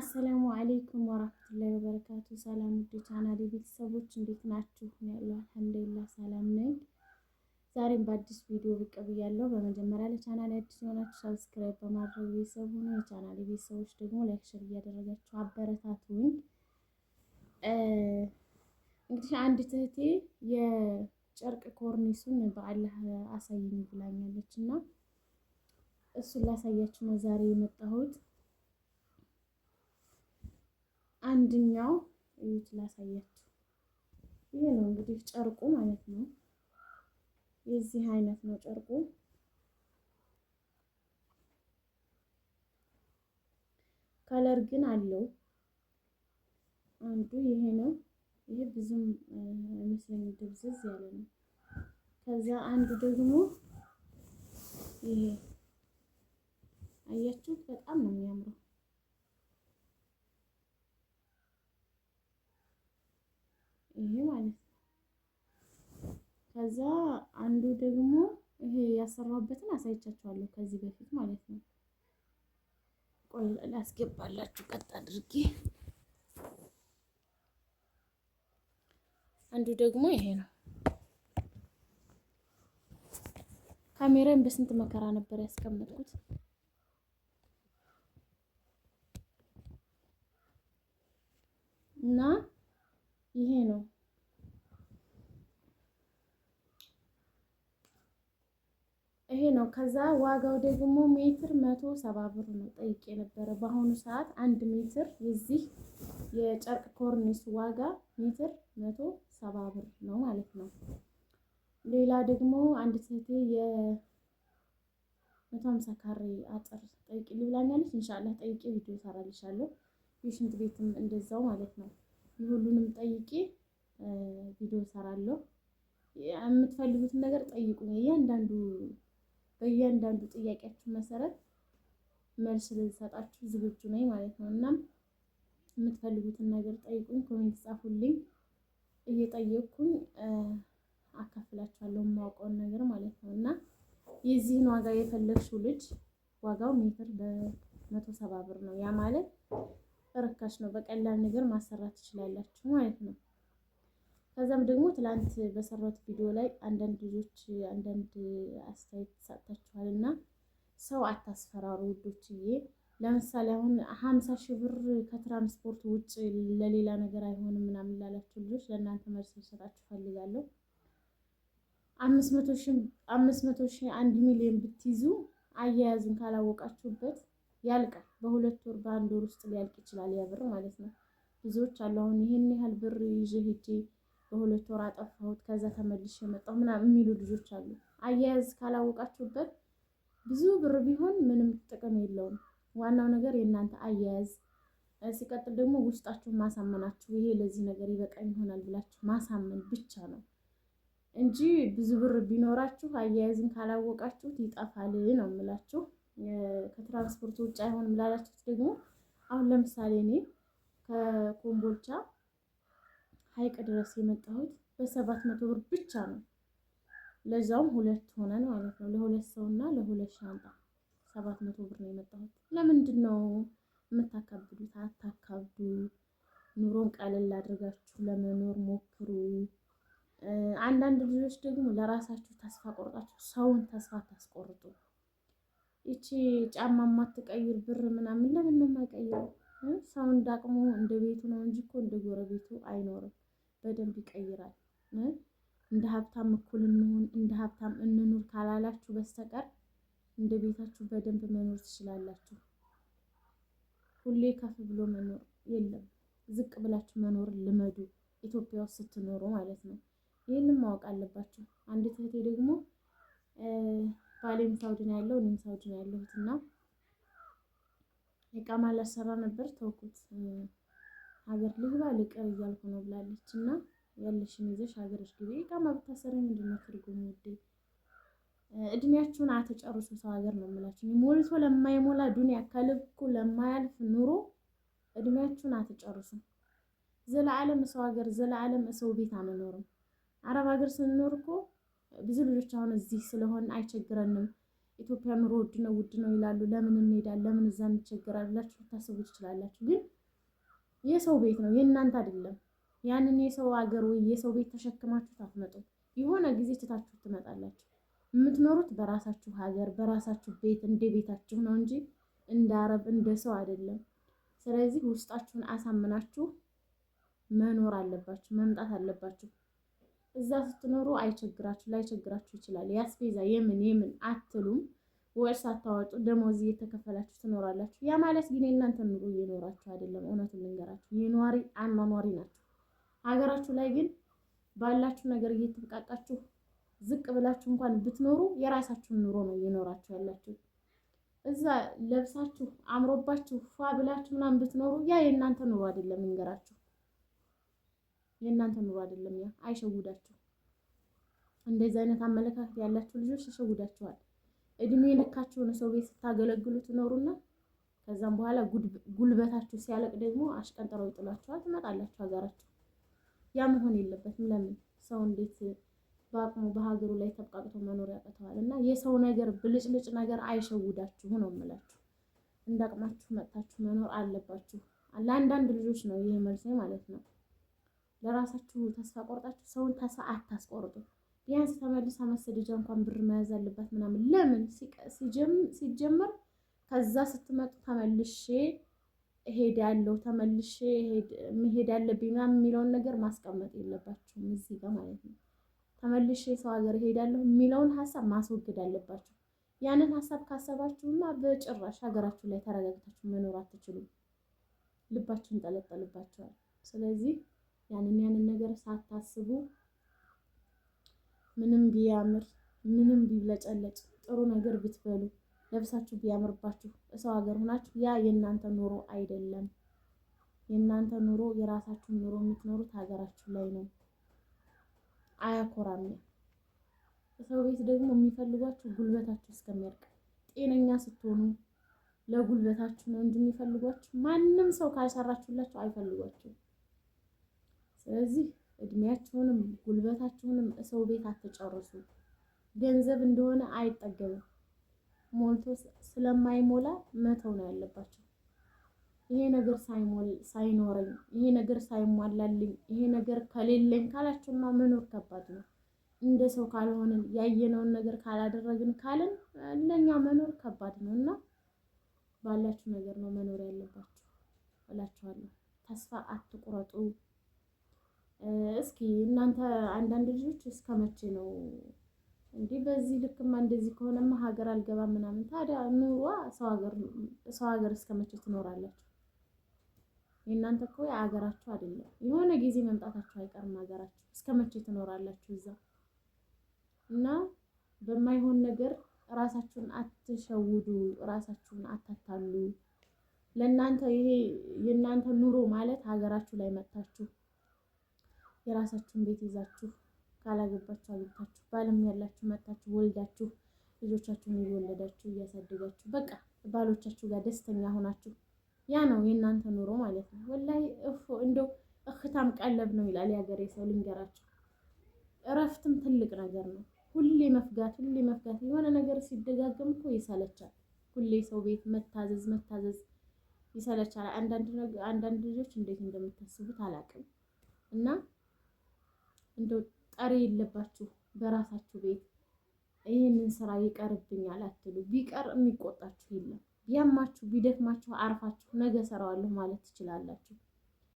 አሰላሙ አሌይኩም ወራህመቱላሂ ወበረካቱ። ሰላም ውድ ቻናል ቤተሰቦች እንዴት ናችሁ? ያለው አልሐምዱሊላህ ሰላም ነኝ። ዛሬም በአዲስ ቪዲዮ ብቅ ብያለሁ። በመጀመሪያ ለቻናል አዲስ የሆናችሁ ሰብስክራይብ በማድረግ ቤተሰብ ሆኑ። የቻናል ቤተሰቦች ደግሞ ላይክ፣ ሼር እያደረጋችሁ አበረታቱኝ። እንግዲህ አንድ ትህቴ የጨርቅ ኮርኒሱን በአላህ አሳይኝ ብላኛለች እና እሱን ላሳያችሁ ነው ዛሬ የመጣሁት አንድኛው እዩት ላሳያችሁ። ይሄ ነው እንግዲህ ጨርቁ ማለት ነው። የዚህ አይነት ነው ጨርቁ። ከለር ግን አለው። አንዱ ይሄ ነው። ይሄ ብዙም አይመስለኝ ድብዝዝ ያለ ነው። ከዛ አንዱ ደግሞ ይሄ አያችሁት፣ በጣም ነው የሚያምረው። ይሄ ማለት ነው። ከዛ አንዱ ደግሞ ይሄ ያሰራሁበትን አሳይቻችኋለሁ ከዚህ በፊት ማለት ነው። ቆይ ላስገባላችሁ ቀጥ አድርጌ። አንዱ ደግሞ ይሄ ነው። ካሜራን በስንት መከራ ነበር ያስቀመጥኩት። እና ይሄ ነው። ይሄ ነው። ከዛ ዋጋው ደግሞ ሜትር መቶ ሰባ ብር ነው ጠይቄ ነበረ። በአሁኑ ሰዓት አንድ ሜትር የዚህ የጨርቅ ኮርኒስ ዋጋ ሜትር መቶ ሰባ ብር ነው ማለት ነው። ሌላ ደግሞ አንድ ሴቴ የመቶ ሀምሳ ካሬ አጥር ጠይቄ ልብላኛለች። ኢንሻላህ ጠይቄ ቪዲዮ እሰራልሻለሁ። የሽንት ቤትም እንደዛው ማለት ነው። ሁሉንም ጠይቄ ቪዲዮ ሰራለሁ። የምትፈልጉትን ነገር ጠይቁኝ። እያንዳንዱ በእያንዳንዱ ጥያቄያችሁ መሰረት መልስ ልሰጣችሁ ዝግጁ ነኝ ማለት ነው። እናም የምትፈልጉትን ነገር ጠይቁኝ፣ ኮሜንት ጻፉልኝ። እየጠየቅኩኝ አካፍላችኋለሁ የማውቀውን ነገር ማለት ነው። እና የዚህን ዋጋ የፈለግሽው ልጅ ዋጋው ሜትር በመቶ ሰባ ብር ነው። ያ ማለት ርካሽ ነው። በቀላል ነገር ማሰራት ትችላላችሁ ማለት ነው። ከዛም ደግሞ ትላንት በሰራት ቪዲዮ ላይ አንዳንድ ልጆች አንዳንድ አስተያየት ሰጥታችኋል እና ሰው አታስፈራሩ ውዶችዬ። ለምሳሌ አሁን ሀምሳ ሺህ ብር ከትራንስፖርት ውጭ ለሌላ ነገር አይሆንም ምናምን ላላችሁ ልጆች ለእናንተ መልስ ልሰጣችሁ ፈልጋለሁ። አምስት መቶ ሺህ አንድ ሚሊዮን ብትይዙ አያያዝን ካላወቃችሁበት ያልቃል። በሁለት ወር በአንድ ወር ውስጥ ሊያልቅ ይችላል ያ ብር ማለት ነው። ብዙዎች አሉ አሁን ይህን ያህል ብር ይዤ ሄጄ በሁለት ወር አጠፋሁት ከዛ ተመልሼ የመጣው ምናምን የሚሉ ልጆች አሉ። አያያዝ ካላወቃችሁበት ብዙ ብር ቢሆን ምንም ጥቅም የለውም። ዋናው ነገር የእናንተ አያያዝ፣ ሲቀጥል ደግሞ ውስጣችሁን ማሳመናችሁ፣ ይሄ ለዚህ ነገር ይበቃኝ ይሆናል ብላችሁ ማሳመን ብቻ ነው እንጂ ብዙ ብር ቢኖራችሁ አያያዝን ካላወቃችሁት ይጠፋል ነው የምላችሁ። ከትራንስፖርት ውጭ አይሆንም ላላችሁት ደግሞ አሁን ለምሳሌ እኔ ከኮምቦልቻ ሀይቅ ድረስ የመጣሁት በሰባት መቶ ብር ብቻ ነው። ለዛውም ሁለት ሆነን ማለት ነው። ለሁለት ሰው እና ለሁለት ሻንጣ ሰባት መቶ ብር ነው የመጣሁት። ለምንድን ነው የምታካብዱት? አታካብዱ። ኑሮን ቀለል አድርጋችሁ ለመኖር ሞክሩ። አንዳንድ ልጆች ደግሞ ለራሳችሁ ተስፋ ቆርጣችሁ ሰውን ተስፋ ታስቆርጡ። ይቺ ጫማ ማትቀይር ብር ምናምን ለምን ነው የማይቀይረው? ሰው እንዳቅሙ እንደ ቤቱ ነው እንጂ እኮ እንደ ጎረቤቱ አይኖርም። በደንብ ይቀይራል። እንደ ሀብታም እኩል እንሆን፣ እንደ ሀብታም እንኑር ካላላችሁ በስተቀር እንደ ቤታችሁ በደንብ መኖር ትችላላችሁ። ሁሌ ከፍ ብሎ መኖር የለም። ዝቅ ብላችሁ መኖር ልመዱ፣ ኢትዮጵያ ውስጥ ስትኖሩ ማለት ነው። ይህንም ማወቅ አለባችሁ። አንዲት ትህቴ ደግሞ ባሌም ሳውዲ ነው ያለው፣ እኔም ሳውዲ ነው ያለሁት እና እቃማ ላሰራ ነበር ተውኩት። ሀገር ልግባ ልቀር እያልኩ ነው ብላለች እና ያለሽን ይዘሽ ሀገርሽ ግቢ። እቃማ ብታሰሪ ምንድን ነው ትርጉም? ውዴ እድሜያችሁን አትጨርሱ። ሰው ሀገር ነው የምላችሁ። ሞልቶ ለማይሞላ ዱኒያ ከልኩ ለማያልፍ ኑሮ እድሜያችሁን አትጨርሱ። ዘለዓለም ሰው ሀገር ዘለዓለም ሰው ቤት አንኖርም። አረብ ሀገር ስንኖር እኮ ብዙ ልጆች አሁን እዚህ ስለሆን አይቸግረንም፣ ኢትዮጵያ ኑሮ ውድ ነው ውድ ነው ይላሉ። ለምን እንሄዳለን? ለምን እዛ እንቸግራል ብላችሁ ልታስቡ ትችላላችሁ። ግን የሰው ቤት ነው የእናንተ አይደለም። ያንን የሰው ሀገር ወይ የሰው ቤት ተሸክማችሁ ታትመጡ የሆነ ጊዜ ትታችሁ ትመጣላችሁ። የምትኖሩት በራሳችሁ ሀገር በራሳችሁ ቤት እንደ ቤታችሁ ነው እንጂ እንደ አረብ እንደ ሰው አይደለም። ስለዚህ ውስጣችሁን አሳምናችሁ መኖር አለባችሁ፣ መምጣት አለባችሁ። እዛ ስትኖሩ አይቸግራችሁ ላይቸግራችሁ ይችላል። ያስቤዛ የምን የምን አትሉም፣ ወር ሳታወጡ ደሞዝ እየተከፈላችሁ ትኖራላችሁ። ያ ማለት ግን የእናንተ ኑሮ እየኖራችሁ አይደለም። እውነቱን ልንገራችሁ የኗሪ አኗኗሪ ናችሁ። ሀገራችሁ ላይ ግን ባላችሁ ነገር እየተብቃቃችሁ ዝቅ ብላችሁ እንኳን ብትኖሩ የራሳችሁን ኑሮ ነው እየኖራችሁ ያላችሁ። እዛ ለብሳችሁ አምሮባችሁ ፏ ብላችሁ ምናምን ብትኖሩ ያ የእናንተ ኑሮ አይደለም ልንገራችሁ። የእናንተ ኑሮ አይደለም። ያ አይሸውዳችሁ። እንደዚህ አይነት አመለካከት ያላችሁ ልጆች ይሸውዳችኋል። እድሜ ልካችሁን ሰው ቤት ስታገለግሉ ትኖሩና ከዛም በኋላ ጉልበታችሁ ሲያለቅ ደግሞ አሽቀንጥረው ይጥሏችኋል። ትመጣላችሁ ሀገራችሁ። ያ መሆን የለበትም። ለምን ሰው እንዴት በአቅሙ በሀገሩ ላይ ተብቃቅቶ መኖር ያቅተዋል? እና የሰው ነገር ብልጭልጭ ነገር አይሸውዳችሁ ነው የምላችሁ። አቅማችሁ መጥታችሁ መኖር አለባችሁ። ለአንዳንድ ልጆች ነው ይህ መልሴ ማለት ነው። ለራሳችሁ ተስፋ ቆርጣችሁ ሰውን ተስፋ አታስቆርጡ። ቢያንስ ተመልስ አመስልጃ እንኳን ብር መያዝ አለባት ምናምን ለምን ሲጀመር ከዛ ስትመጡ ተመልሼ እሄዳለሁ ተመልሼ መሄድ አለብኝ ምናምን የሚለውን ነገር ማስቀመጥ የለባችሁም እዚህ ጋር ማለት ነው። ተመልሼ ሰው ሀገር እሄዳለሁ የሚለውን ሀሳብ ማስወገድ አለባችሁ። ያንን ሀሳብ ካሰባችሁማ በጭራሽ ሀገራችሁ ላይ ተረጋግታችሁ መኖር አትችሉም። ልባችሁን ጠለጠልባችኋል። ስለዚህ ያንን ያንን ነገር ሳታስቡ ምንም ቢያምር ምንም ቢብለጨለጭ ጥሩ ነገር ብትበሉ ለብሳችሁ ቢያምርባችሁ እሰው ሀገር ሆናችሁ ያ የእናንተ ኑሮ አይደለም። የእናንተ ኑሮ የራሳችሁን ኑሮ የምትኖሩት ሀገራችሁ ላይ ነው። አያኮራም። ሰው ቤት ደግሞ የሚፈልጓችሁ ጉልበታችሁ እስከሚያልቅ ጤነኛ ስትሆኑ ለጉልበታችሁ ነው እንጂ የሚፈልጓችሁ ማንም ሰው ካልሰራችሁላችሁ አይፈልጓችሁም። ስለዚህ እድሜያችሁንም ጉልበታችሁንም ሰው ቤት አትጨርሱ። ገንዘብ እንደሆነ አይጠገብም። ሞልቶ ስለማይሞላ መተው ነው ያለባቸው። ይሄ ነገር ሳይሞል ሳይኖረኝ ይሄ ነገር ሳይሟላልኝ ይሄ ነገር ከሌለኝ ካላችሁማ መኖር ከባድ ነው። እንደ ሰው ካልሆንን ያየነውን ነገር ካላደረግን ካልን ለኛ መኖር ከባድ ነው እና ባላችሁ ነገር ነው መኖር ያለባችሁ እላችኋለሁ። ተስፋ አትቁረጡ። እስኪ እናንተ አንዳንድ ልጆች እስከ መቼ ነው እንዲህ በዚህ ልክማ እንደዚህ ከሆነማ ሀገር አልገባ ምናምን። ታዲያ ኑሯ ሰው ሀገር እስከ መቼ ትኖራላችሁ? የእናንተ እኮ የሀገራችሁ አይደለም። የሆነ ጊዜ መምጣታችሁ አይቀርም ሀገራችሁ። እስከ መቼ ትኖራላችሁ እዛ? እና በማይሆን ነገር ራሳችሁን አትሸውዱ፣ ራሳችሁን አታታሉ። ለእናንተ ይሄ የእናንተ ኑሮ ማለት ሀገራችሁ ላይ መጥታችሁ የራሳችሁን ቤት ይዛችሁ ካላገባችሁ አግብታችሁ ባልም ያላችሁ መታችሁ ወልዳችሁ ልጆቻችሁን እየወለዳችሁ እያሳደጋችሁ በቃ ባሎቻችሁ ጋር ደስተኛ ሆናችሁ ያ ነው የእናንተ ኑሮ ማለት ነው። እፎ እንደው እህታም ቀለብ ነው ይላል የሀገሬ ሰው። ልንገራችሁ፣ እረፍትም ትልቅ ነገር ነው። ሁሌ መፍጋት ሁሌ መፍጋት የሆነ ነገር ሲደጋገም እኮ ይሰለቻል። ሁሌ ሰው ቤት መታዘዝ መታዘዝ ይሰለቻል። አንዳንድ ልጆች እንዴት እንደምታስቡት አላውቅም እና እንደው ጠሪ የለባችሁ በራሳችሁ ቤት ይህንን ስራ ይቀርብኛል አትሉ። ቢቀር የሚቆጣችሁ የለም። ቢያማችሁ ቢደክማችሁ አርፋችሁ ነገ ሰራዋለሁ ማለት ትችላላችሁ።